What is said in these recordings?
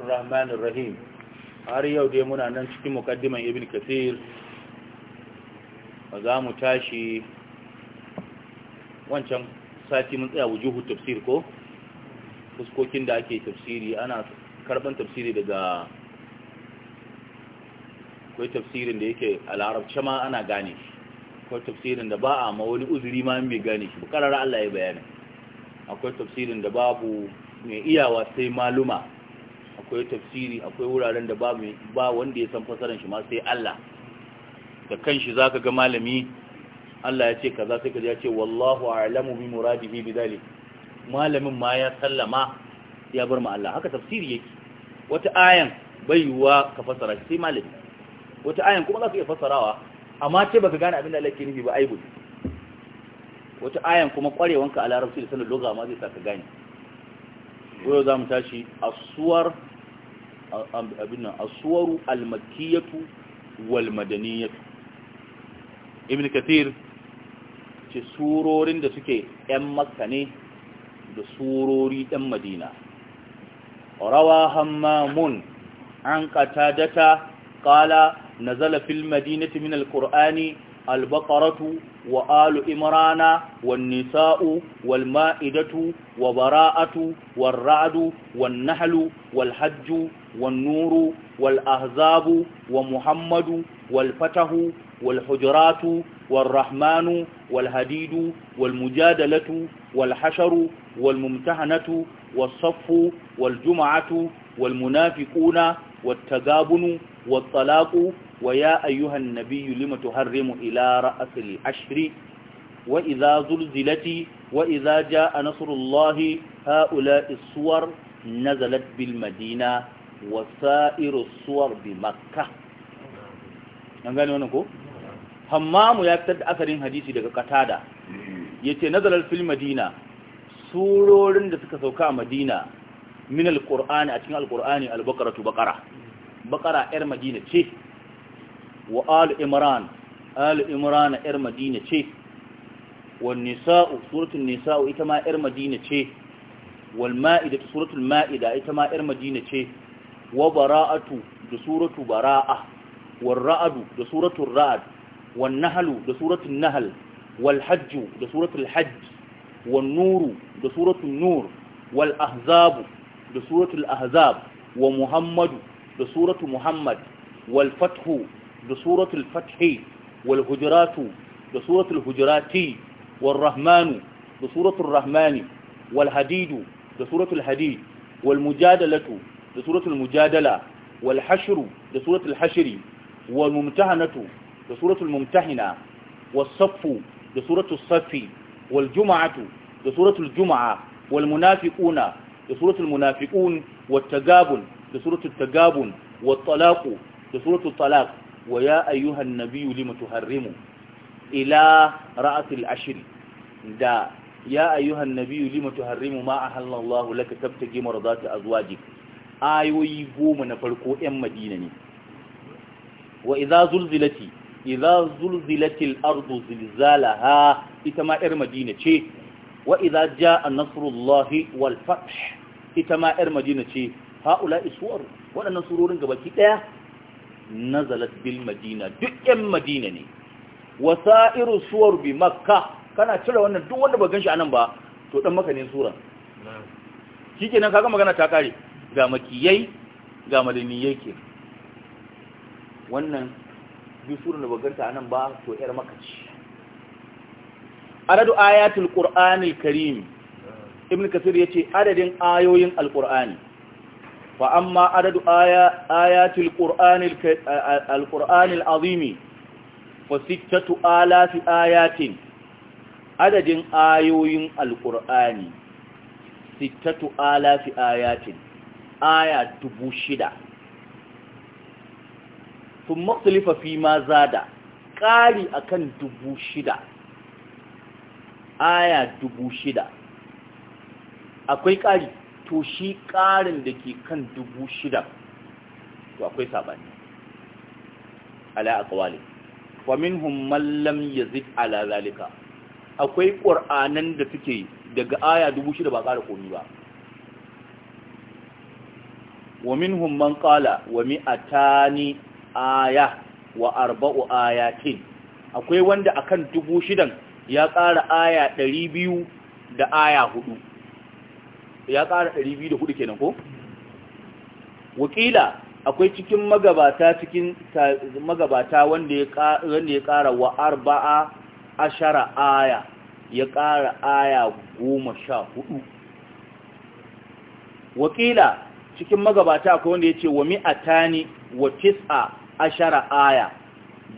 Rahman Rahim har yau dai muna nan cikin mukaddiman Ibn Kathir za mu tashi wancan sati mun tsaya wujuhu tafsir ko fuskokin da ake tafsiri ana karban tafsiri daga akwai tafsirin da yake a larabci ma ana gane shi akwai tafsirin da ba a ma wani uzuri ma mai gane shi bukarar Allah ya bayani akwai tafsirin da babu mai iyawa sai maluma akwai tafsiri akwai wuraren da ba wanda ya san fasaran shi ma sai Allah da kanshi zaka ga malami Allah ya ce kaza sai kaza ya ce wallahu a'lamu bi muradihi bidalik malamin ma ya sallama ya bar ma Allah haka tafsiri yake wata ayan baiwa ka fasara sai malami wata ayan kuma zaka iya fasarawa amma ce baka gane abin da Allah ke nufi ba aibu wata ayan kuma kwarewanka a larabci da sanin lugha ma zai saka gane Goyo za mu tashi asuwar abin asuwaru almakiyatu walmadaniyatu ibn kathir ce surorin da suke ‘yan makka ne da surori ɗan madina rawa hammamun an katadata ƙala na zalafin madinati min alƙur'ani البقرة وآل إمران والنساء والمائدة وبراءة والرعد والنحل والحج والنور والأهزاب ومحمد والفتح والحجرات والرحمن والهديد والمجادلة والحشر والممتحنة والصف والجمعة والمنافقون والتقابن والطلاق Waya ya ayyuhan nabiyyu lima tuharrimu ila ra'sil ashri wa idza zulzilati wa idza jaa nasrullahi ha'ula'i suwar nazalat bil madina wa sa'iru suwar bi makkah an gane wannan ko hammamu ya fitar da asarin hadisi daga katada yace nazalar fil madina surorin da suka sauka a madina min alqur'ani a cikin alqur'ani albaqaratu baqara baqara yar madina ce wa alu imran alu 'imrana yar madina ce wal nisa'u suratun nisa'u ita ma yar madina ce wal ma'ida suratun ma'ida ita ma yar madina ce wa bara'atu da suratu bara'a wal ra'adu da suratun ra'ad wal nahlu da suratun nahal wal hajju da suratul hajj wal nuru da suratul nur wal ahzabu da suratul ahzab wa muhammadu da suratu muhammad wal fathu بصورة الفتح والهجرات بصورة الهجرات والرحمن بصورة الرحمن والحديد بصورة الحديد والمجادلة بصورة المجادلة والحشر بصورة الحشر والممتحنة بصورة الممتحنة والصف بصورة الصف والجمعة بصورة الجمعة والمنافقون بصورة المنافقون والتقابل بصورة التقابل والطلاق بصورة الطلاق wa ya ayyuhan nabiyyu lima ila ra'atil ashri da ya ayyuhan nabiyyu lima tuharrimu ma ahallallahu laka tabtagi marzati azwajik ayoyi goma na farko yan madina ne wa idza zulzilati idza zulzilatil ardu zilzalaha ita ma yar madina ce wa idza jaa nasrullahi wal fath ita ma yar madina ce haula isuwar waɗannan surorin gabaki daya nazalat bil madina duk yan madina ne wasa'iru suwar bi makka kana cire wannan duk wanda ba ganshi anan ba to dan maka ne suran shikenan kaga magana ta kare ga makiyai ga madaniyai ke wannan duk sura da ba ganta anan ba to yar maka ce adadu ayatul qur'anil karim ibn kasir yace adadin ayoyin alqur'ani فأما عدد آيات القرآن, القرآن العظيم فستة آلاف آيات عدد آيوي القرآن ستة آلاف آيات آيات تبوشدة ثم اختلف فيما زاد قالي أكن تبوشدة آيات تبوشدة dubu قالي to shi ƙarin da ke kan dubu shida to akwai saɓani ala akwali wa minhum man lam yazid ala zalika akwai qur'anan da suke daga aya dubu shida ba ƙara komi ba wa minhum man qala wa mi'atani aya wa arba'u ayatin akwai wanda akan dubu shidan ya ƙara aya ɗari biyu da aya hudu ya ƙara 204 kenan ko wakila akwai cikin magabata cikin magabata wanda ya ƙara wa arba'a ashara aya ya ƙara aya goma sha hudu wakila cikin magabata akwai wanda ya ce wa ne wa tis'a ashara aya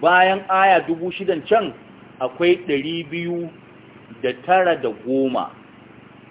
bayan aya dubu shidan can akwai ɗari biyu da tara da goma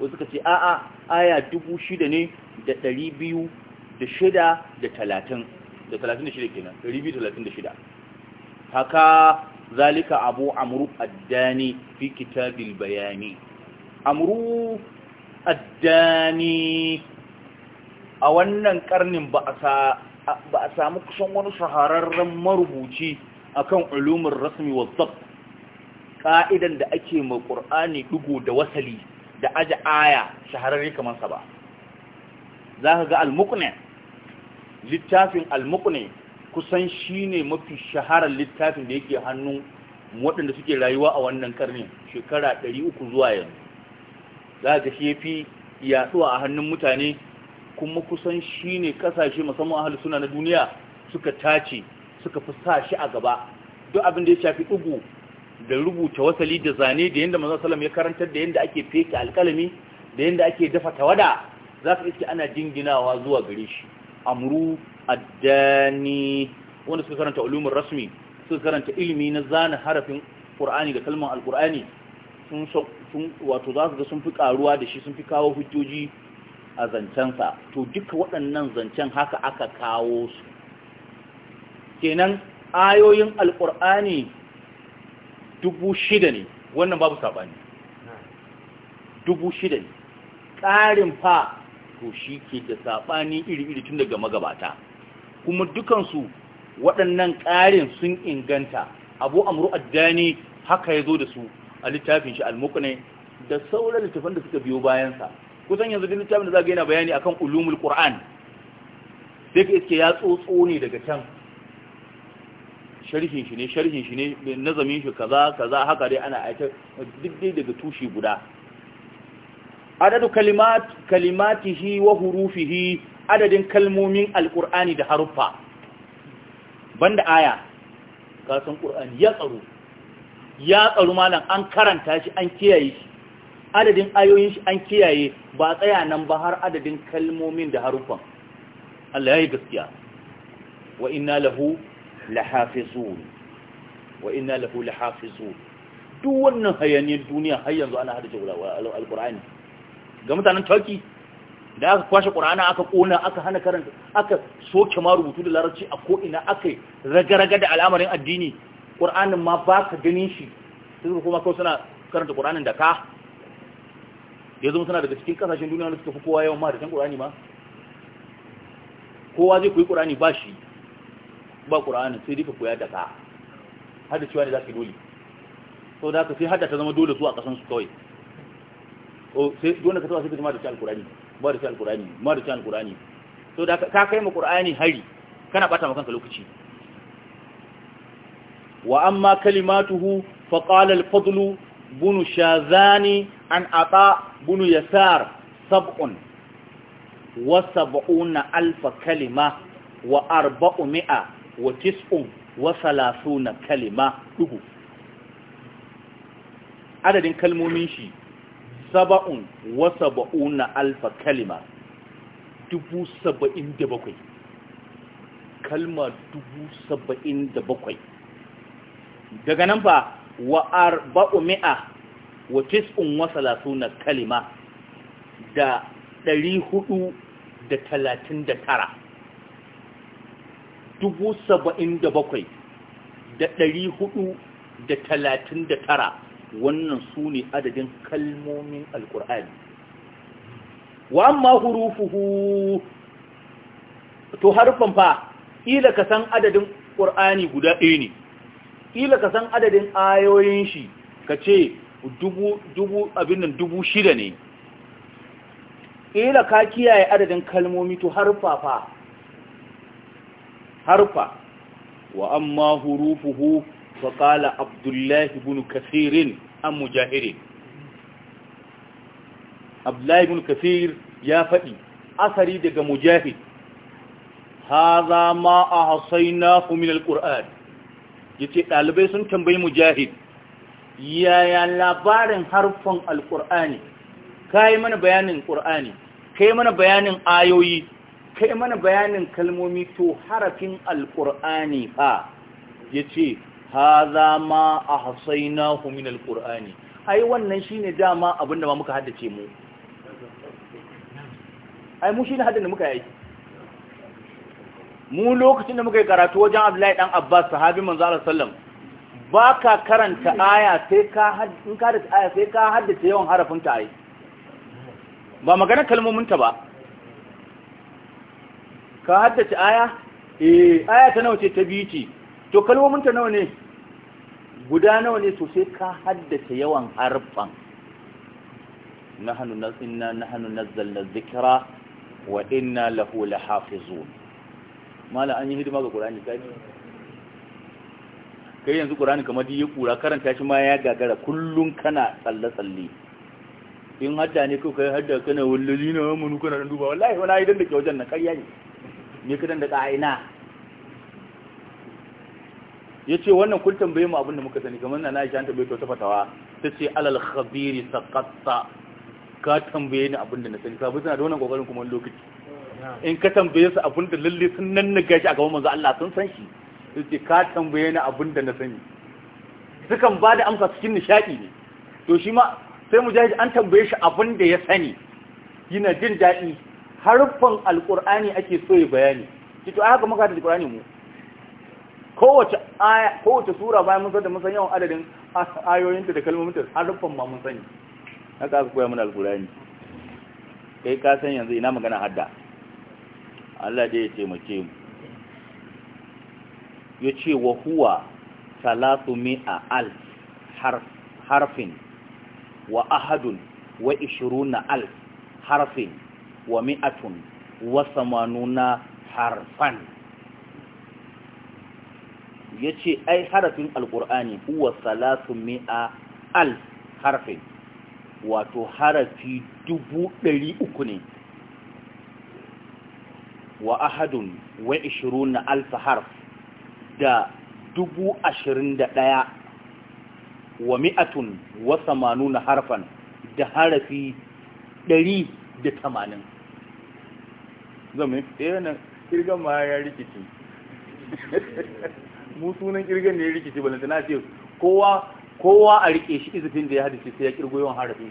wasu suka ce a'a aya dubu shida ne da ɗari biyu da shida da talatin da talatin da shida kenan ɗari biyu talatin da shida haka zalika abu amru addani fi kitabil bayani amru addani a wannan karnin ba a samu kusan wani shahararren marubuci akan ulumin rasmi wa zab ka'idan da ake ma ƙur'ani ɗigo da wasali da aji aya shahararri kamar sa ba za ka ga al-muqni littafin al-muqni kusan shine mafi shaharar littafin da yake hannun waɗanda suke rayuwa a wannan karni shekara 300 zuwa yanzu za ka shi fi a hannun mutane kuma kusan shine ne ƙasashe musamman ahli suna na duniya suka tace suka fi sa shi a gaba duk abin da ya shafi ugu da rubuta wasali da zane da yadda manzon sallam ya karantar da yadda ake feke alkalami da yadda ake dafa tawada za ka iske ana jinginawa zuwa gare shi amru addani wanda suka karanta ulumin rasmi suka karanta ilimi na zana harafin qur'ani da kalmar alqur'ani sun wato za su ga sun fi karuwa da shi sun fi kawo hujjoji a zancensa to duka waɗannan zancen haka aka kawo su kenan ayoyin alqur'ani dubu shida ne wannan babu saɓani dubu shida ne ƙarin fa to shi ke da saɓani iri-iri tun daga magabata kuma dukansu waɗannan ƙarin sun inganta abu amuru addani haka ya zo da su a littafin shi almukunai, da sauran littafin da suka biyo bayansa kusan yanzu littafin da za a yana bayani akan ulumul qur'an sai ka iske ya tsotso ne daga can sharhin shi ne sharhin shi ne nazamin shi kaza kaza haka dai ana aita duk dai daga tushe guda adadu kalimat kalimatihi wa hurufihi adadin kalmomin alqur'ani da haruffa banda aya ka san qur'ani ya tsaro ya tsaro malam an karanta shi an kiyaye shi adadin ayoyin shi an kiyaye ba tsaya nan ba har adadin kalmomin da haruffan Allah ya yi gaskiya wa inna lahu lahafizun wa inna lahu lahafizun duk wannan hayaniyar duniya har yanzu ana hada ce alqur'ani ga mutanen turkey da aka kwashe ƙura'ana aka ƙona aka hana karanta aka soke ma rubutu da larabci a ko'ina aka raga-raga da al'amarin addini ƙura'anin ma ba ka ganin shi sai suka kuma kawai suna karanta ƙura'anin da ka ya zama suna daga cikin ƙasashen duniya wanda suka fi kowa yawan ma da kan ƙura'ani ma kowa zai koyi ƙura'ani ba shi ba ƙura'anin sai rufe koya da ka hada cewa ne za ka doli sau da ka sai hada ta zama dole su a ƙasansu kawai sai dole ka tawa sai ka zama da ci alƙurani ba da ci alƙurani da ci sau da ka kai ma ƙura'ani hari kana ɓata makon ka lokaci wa an ma kalimatuhu faƙalar fadlu bunu فقال الفضل بن شاذان عن sab'un بن يسار alfa kalima wa arba'u mi'a wa tis'un wa salasuna kalima duhu adadin kalmomin shi saba'un wa saba'una alfa kalima dubu saba'in da bakwai kalma dubu saba'in da bakwai daga nan ba wa arba'u mi'a wa tis'un wa salasuna kalima da ɗari hudu da talatin da tara dubu saba'in da bakwai da ɗari da talatin da tara wannan su ne adadin kalmomin alkur'ani wa amma hurufuhu to harfan fa ila ka san adadin ƙur'ani guda ɗaya ne ila ka san adadin ayoyin shi ka ce dubu abin nan dubu shida ne ila ka kiyaye adadin kalmomi to harfafa harfa wa amma hurufuhu fa kala Abdullahi ibn kathir an mujahir Abdullahi ibn kathir ya faɗi asari daga mujahid hadha ma ahsaynahu min Ya yace ɗalibai sun tambayi mujahid yaya labarin harfan Ka kai mana bayanin Ka kai mana bayanin ayoyi kai mana bayanin kalmomi to harafin alƙur'ani fa ya ce za ma a hasaina min alƙur'ani ai wannan shi ne dama abinda ma muka haddace mu ai mu shi ne haddace muka yi mu lokacin da muka yi karatu wajen abdullahi dan abbas sahabi manzo Allah sallam ba ka karanta aya sai ka in ka aya sai ka haddace yawan harafin ta ai ba magana kalmomin ta ba ka haddace aya eh aya ta nawa ce ta biyu ce to kalmomin ta nawa ne guda nawa ne to sai ka haddace yawan harfan nahnu nasinna nahnu nazzalna dhikra wa inna lahu lahafizun mala an yi hidima ga qur'ani kai kai yanzu qur'ani kamar dai ya kura karanta shi ma ya gagara kullun kana tsalle tsalle in hadda ne ko kai hadda kana wallahi na mun kana duba wallahi wala idan da ke wajen na ƙarya ne ne mikidan da aina ya ce wannan kun tambaye mu abinda muka sani kamar na aisha tambaye ta fatawa ta ce alal khabiri saqatta ka tambaye ni abinda na sani sabu suna da wannan kokarin kuma lokaci in ka tambaye su abinda lalle sun nan na gashi a gaban manzo Allah sun san shi su ce ka tambaye ni abinda na sani sukan ba da amsa cikin nishaɗi ne to shi ma sai mujahid an tambaye shi abinda ya sani yana jin daɗi harfan alkur'ani ake so ya bayani cikin aka maka da alkur'ani mu kowace aya kowace sura bayan mun da mun yawan adadin ayoyinta da kalmominta harfan ma mun sani haka aka koya mana alkur'ani kai ka san yanzu ina magana hadda Allah dai ya taimake mu ce wa huwa salatu mi'a alf harfin wa ahadun wa ishiruna alf harfin wa mi'atun wa samanuna harfan ya ce ai harafin alƙur'ani huwa salatu mi'a al harfi wato harafi dubu ɗari uku ne wa ahadun wa ishirun na alfa da dubu ashirin da ɗaya wa mi'atun wa na harfan da harafi ɗari da tamanin zama yana eh, kirgan ma ya rikici mu sunan kirgan ne ya rikici balanta na ce kowa kowa a rike shi izifin da ya hadisi sai ya kirgo yawan harafi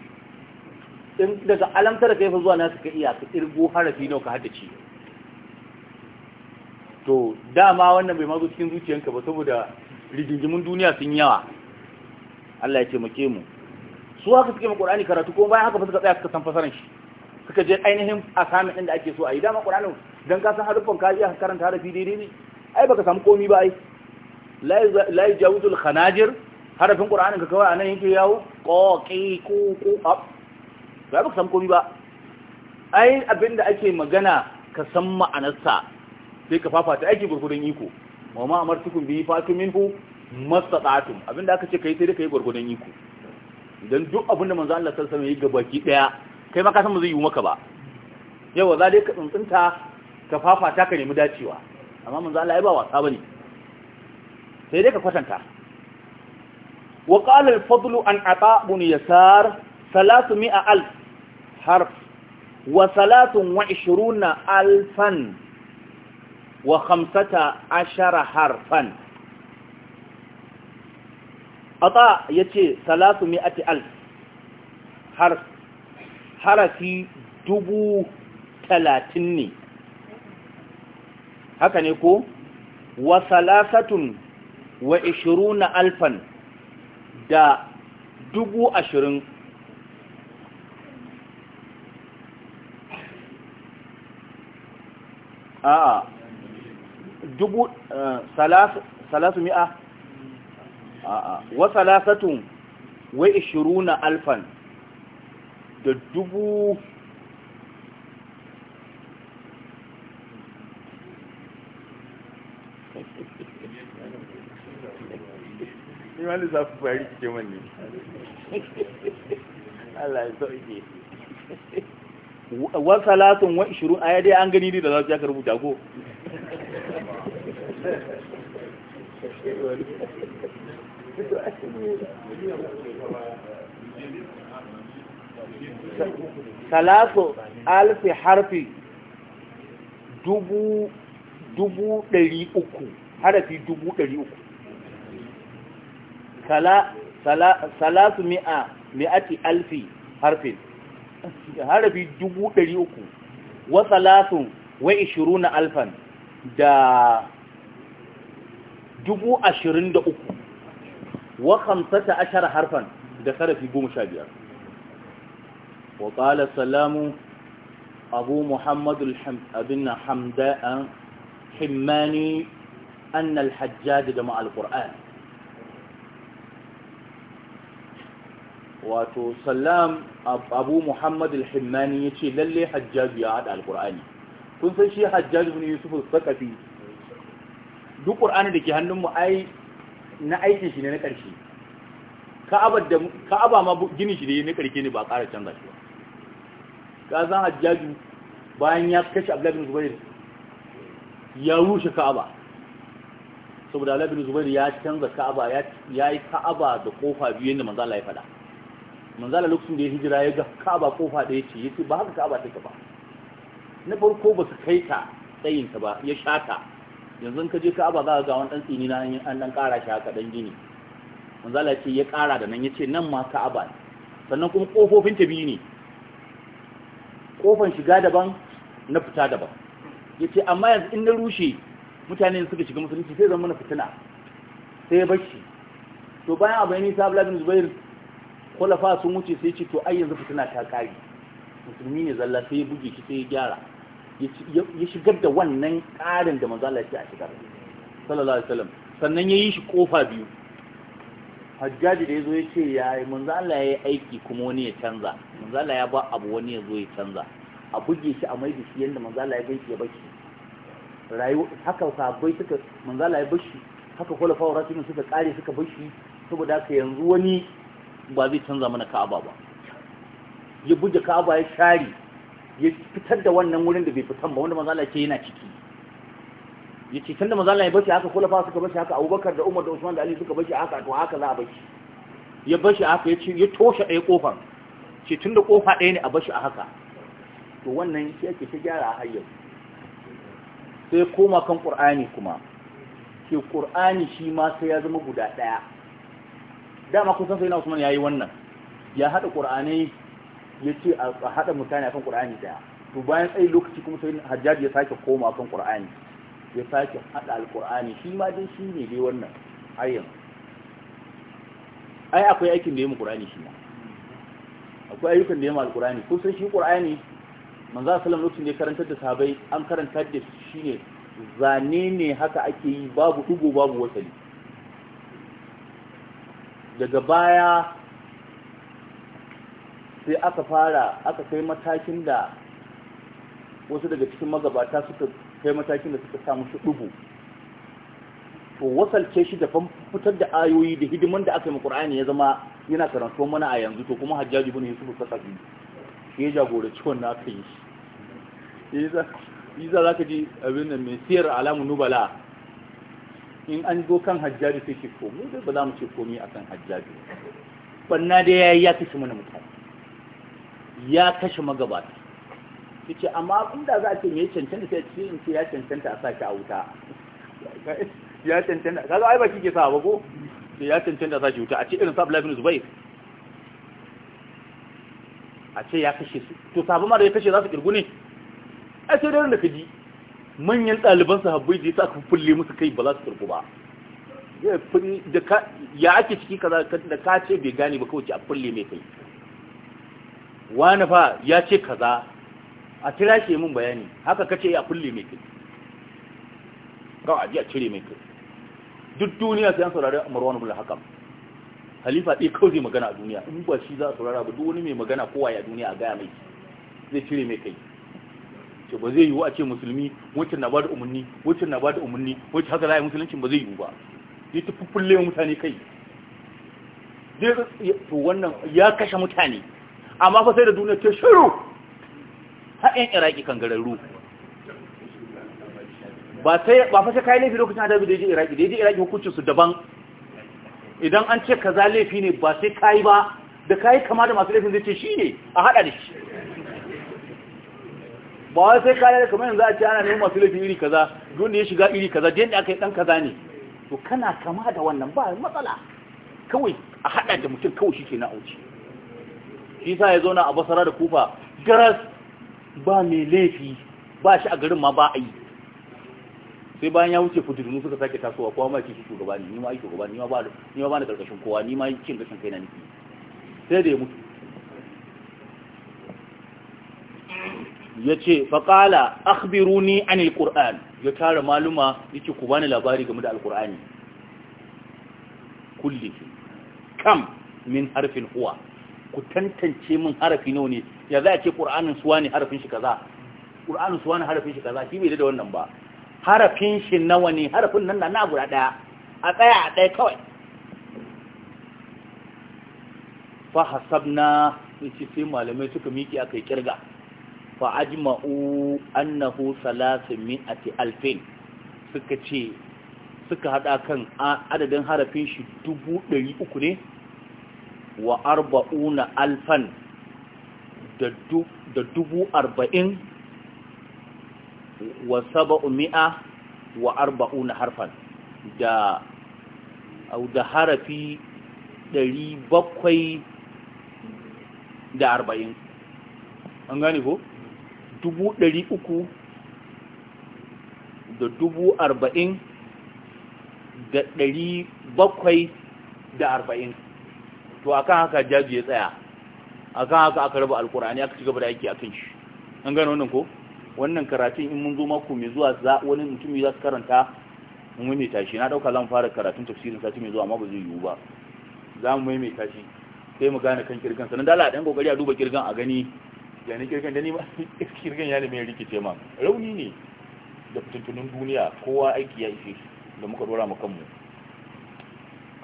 in daga alamtar ka fa zuwa na suka iya ka kirgo harafi nawa ka hadace to dama wannan bai mazo cikin zuciyanka ba saboda rigingimin duniya sun yawa Allah ya ce mu su haka suke mu Qur'ani karatu ko bayan haka su suka tsaya suka san fasaran shi suka je ainihin asamin din da ake so a yi dama Qur'anin don ka san haruffan ka iya karanta harafi daidai ne ai baka samu komi ba ai lai yajawzul khanajir harafin Qur'anin ka kawai nan yake yawo ƙoƙi ko ko ab ba baka samu komi ba ai abinda ake magana ka san ma'anarsa sai ka fafata aiki gurgudun iko ma ma amartukum bi ku hu abin abinda aka ce kai sai da kai gurgudun iko idan duk abinda manzo Allah sallallahu alaihi wasallam ya ga baki daya kai ma ka san ba zai yi maka ba yawa za dai ka tsuntsunta ka fafata ka nemi dacewa amma manzo Allah ya ba wasa bane sai dai ka kwatanta wa qala al-fadl an ata ibn yasar alf harf wa 23000 wa 15 harfan ata yace alf harf harafi dubu talatin ne haka ne ko wa salasatun wa na alfan da dubu ashirin a dubu eh, salasu mi'a a wa salasatun wa na alfan da dubu ma lissafi bari ce manni Allah ya sauke wa salatun wa a yadda an gani da za su yaka rubuta ko salatu alfi harfi dubu dubu ɗari uku harafi dubu ɗari uku salatu mi'a mi'ati alfi harfin harafi dubu ɗari uku wa talatu wa ishiru na alfan da dubu ashirin da uku wa hamsata ashara harfan da sarafi goma sha biyar وقال سلام أبو محمد الحمد na حمداء حماني أن الحجاج جمع القرآن wato sallam abu muhammad al ya ce lalle hajjaju ya haɗa alƙur'ani kun san shi hajjaju ne yusuf sakafi duk ƙur'ani da ke hannunmu na aikin shi ne na ƙarshe ka'aba ma gini shi ne na ƙarshe ba ƙara canza shi ba Ƙazan san hajjaju bayan ya kashe abdullahi bin zubair ya rushe ka'aba saboda abdullahi bin zubair ya canza ka'aba ya yi ka'aba da kofa biyu yadda Manzala ya faɗa Manzala lokacin da ya hijira ya ga ka'aba kofa ya ce ce ba haka ka'aba ta ba na farko ba su kai ta tsayinta ba ya sha ta. yanzu ka je ka'aba za ka ga wani ɗan tsini na an ɗan ƙara shi haka ɗan gini Manzala ya ce ya ƙara da nan ya ce nan ma ka'aba ne sannan kuma ƙofofin ta biyu ne kofan shiga daban na fita daban yace amma yanzu in na rushe mutane suka shiga musulunci sai zama na fitina sai bashi to bayan abu ne Sabula bin zubair kwalafa sun wuce sai ce to ai yanzu fitina ta kari, musulmi ne zalla sai ya buge shi sai ya gyara ya shigar da wannan ƙarin da manzo Allah ya a shigar sallallahu alaihi wasallam sannan ya yi shi kofa biyu hajjaji da ya zo ya ce ya yi manzo Allah ya yi aiki kuma wani ya canza manzo Allah ya ba abu wani ya zo ya canza a buge shi a mai da shi yadda manzo Allah ya gaishe ya bashi rayu haka sabai suka manzo Allah ya bashi haka kula fawara cikin suka kare suka bashi saboda haka yanzu wani ba zai canza mana Ka'aba ba ya buge Ka'aba ya share ya fitar da wannan wurin da bai fitan ba wanda manzo Allah ya ce yana ciki yace tunda manzo Allah ya bashi haka fa suka bashi haka Abubakar da Umar da Usman da Ali suka bashi haka to haka za a bashi ya bashi haka yace ya toshe ɗaya kofar ce tunda kofa ɗaya ne a bashi a haka to wannan shi ake ta gyara har yau sai koma kan Qur'ani kuma ke Qur'ani shi ma sai ya zama guda ɗaya dama kun san sai na Usman yayi wannan ya hada Qur'ani yace a hada mutane akan Qur'ani daya to bayan sai lokaci kuma sai Hajjaji ya sake koma kan Qur'ani ya sake haɗa alkur'ani shi ma dai shi ne dai wannan ayyan ai akwai aikin da ya mu ƙur'ani shi ma akwai ayyukan da ya mu ko kun shi ƙur'ani manzo sallam lokacin da ya karantar da sahabbai an karanta da shi ne zane ne haka ake yi babu dugo babu wasali daga baya sai aka fara aka kai matakin da wasu daga cikin magabata suka kai matakin da suka samu shi dubu to wasalce shi da fitar da ayoyi da hidiman da aka yi Qur'ani ya zama yana karanto mana a yanzu to kuma Hajjaji bin Yusuf Sakafi shi ya jagoranci wannan aka yi shi yasa yasa zaka ji abin nan mai siyar alamu nubala in an zo kan Hajjaji sai shi ko zai dai ba za mu ce komai akan Hajjaji banna da yayi ya kashe mana mutane ya kashe magabata yace amma inda za a ce me cancanta sai ce in ce ya cancanta a sake a wuta ya cancanta kaga ai ba kike sa ba ko ya cancanta a sake wuta a ce irin sabla ibn zubair a ce ya kashe su to sabu ma da ya kashe za su kirgu ne A sai daren da ka manyan ɗaliban sahabbai da ya sa ka fulle musu kai ba za su kirgu ba ya ake ciki kaza da ka ce bai gane ba kawai ce a fulle mai kai wani fa ya ce kaza a kira shi mun bayani haka kace a kulle mai kai kawai a ji a cire mai kai duk duniya sai an saurari marwan bin hakam halifa dai kawai magana a duniya in ba shi za a saurara ba duk wani mai magana kowa ya duniya a gaya mai zai cire mai kai ce ba zai yiwu a ce musulmi wancan na bada umarni wancan na bada umarni wancan haka za a musuluncin ba zai yiwu ba ya ta fuffulle mutane kai zai to wannan ya kashe mutane amma fa sai da duniya ce shiru haɗin iraki kan gararru ba sai ba fashe kayan laifi lokacin adabi da ya ji iraki da ya ji iraki hukuncinsu daban idan an ce kaza laifi ne ba sai kayi ba da kayi kama da masu laifin zai ce shi ne a haɗa da shi ba wai sai kayan da kamar yanzu a ce ana neman masu laifin iri kaza don da ya shiga iri kaza da aka yi ɗan kaza ne to kana kama da wannan ba matsala kawai a haɗa da mutum kawai shi ke na auci shi sa ya zauna a basara da kufa garas ba mai laifi ba shi a garin ma ba a yi sai bayan ya wuce kudirinu suka sake tasowa kowa ma ce shi shugaba ne ni ma shugaba ni ma ba ni na karkashin kowa ni ma cin gashin kai na niki sai da ya mutu yace faqala akhbiruni anil qur'an ya tara maluma ya ce ku bani labari game da alqur'ani kulle kam min harfin huwa ku tantance min harafi nawa ne ya za a ce qur'anin suwa ne harafin shi kaza qur'anin suwa ne harafin shi kaza shi bai da wannan ba harafin shi nawa ne harafin nan na guda daya a tsaya a ɗaya kawai fa hasabna ci sai malamai suka miki aka yi kirga fa ajma'u annahu salasin mi'ati alfin suka ce suka hada kan adadin harafin shi dubu ɗari uku ne wa arba'una alfan da dubu arba'in wa saba'u mi'a wa arba'una harfan da da harafi ɗari bakwai da arba'in an gane ko? dubu ɗari uku da dubu arba'in da ɗari bakwai da arba'in to a kan haka jaji ya tsaya a kan haka aka raba alkur'ani aka ci gaba da aiki kan shi an gano wannan ko wannan karatun in mun zo mako mai zuwa za wani mutum ya karanta mun maimaita shi na dauka zan fara karatun tafsirin sati mai zuwa amma ba zai yiwu ba za mu maimaita shi sai mu gane kan kirgan sanan dala dan kokari a duba kirgan a gani ya ne kirgan da ni ba kirgan ya ne mai rikice ma rauni ne da fitintunin duniya kowa aiki ya ishe shi da muka dora mu kanmu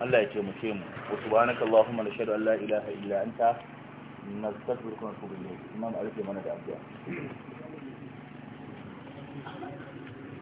Allah ya taimake mu wa subhanaka allahumma nashhadu an la ilaha illa anta nastaghfiruka wa natubu ilayk imam mana da addu'a